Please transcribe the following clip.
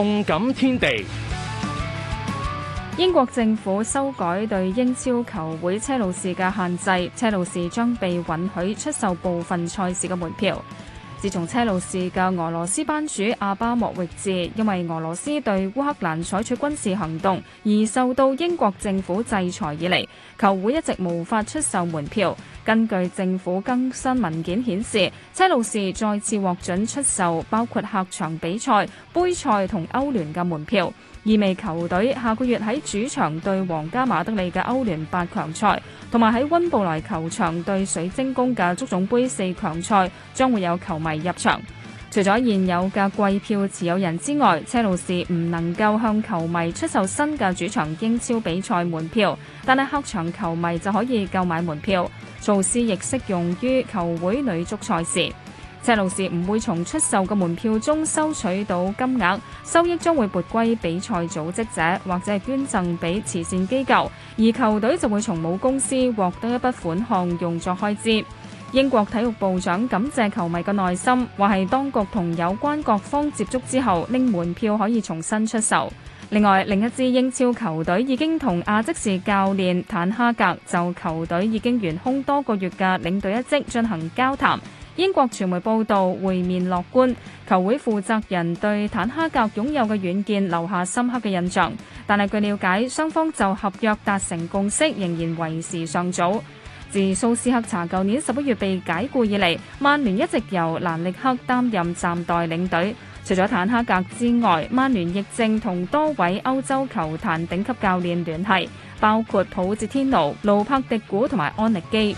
動感天地。英國政府修改對英超球會車路士嘅限制，車路士將被允許出售部分賽事嘅門票。自從車路士嘅俄羅斯班主阿巴莫域治因為俄羅斯對烏克蘭採取軍事行動而受到英國政府制裁以嚟，球會一直無法出售門票。根據政府更新文件，顯示車路士再次獲准出售包括客場比賽、杯賽同歐聯嘅門票，意味球隊下個月喺主場對皇家馬德里嘅歐聯八強賽，同埋喺温布萊球場對水晶宮嘅足總杯四強賽將會有球迷入場。除咗現有嘅季票持有人之外，車路士唔能夠向球迷出售新嘅主場英超比賽門票，但係客場球迷就可以購買門票。措施亦適用於球會女足賽事。車路士唔會從出售的門票中收取到金額，收益將會撥歸比賽組織者或者捐贈畀慈善機構，而球隊就會從母公司獲得一筆款項用作開支。英國體育部長感謝球迷的耐心話，係當局同有關各方接觸之後拎門票可以重新出售。另外，另一支英超球隊已經與阿積士教練坦哈格，就球隊已經懸空多個月的領隊一職進行交談。英國傳媒報道會面樂觀，球會負責人對坦哈格擁有嘅遠見留下深刻嘅印象。但係據了解，雙方就合約達成共識仍然為時尚早。自蘇斯克查舊年十一月被解雇以嚟，曼聯一直由蘭力克擔任暫代領隊。除咗坦哈格之外，曼聯亦正同多位歐洲球壇頂級教練聯繫，包括普捷天奴、路柏迪古同埋安力基。